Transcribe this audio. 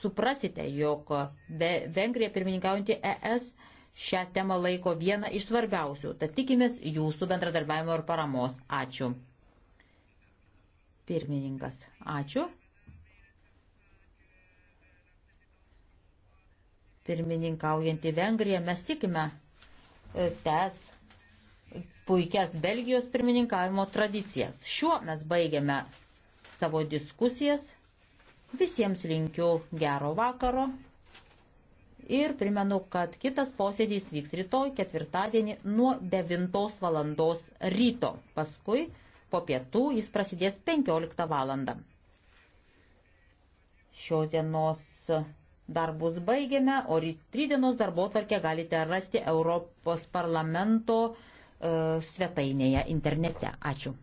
suprasite, jog be Vengrija pirmininkaujantį ES šią temą laiko vieną iš svarbiausių. Tad tikimės jūsų bendradarbiavimo ir paramos. Ačiū. Pirmininkas, ačiū. Pirmininkaujantį Vengriją mes tikime e, tęs puikias Belgijos pirmininkavimo tradicijas. Šiuo mes baigiame savo diskusijas. Visiems linkiu gero vakaro ir primenu, kad kitas posėdys vyks rytoj ketvirtadienį nuo 9 val. ryto. Paskui po pietų jis prasidės 15 val. Šios dienos darbus baigėme, o rytdienos darbo tvarkę galite rasti Europos parlamento e, svetainėje internete. Ačiū.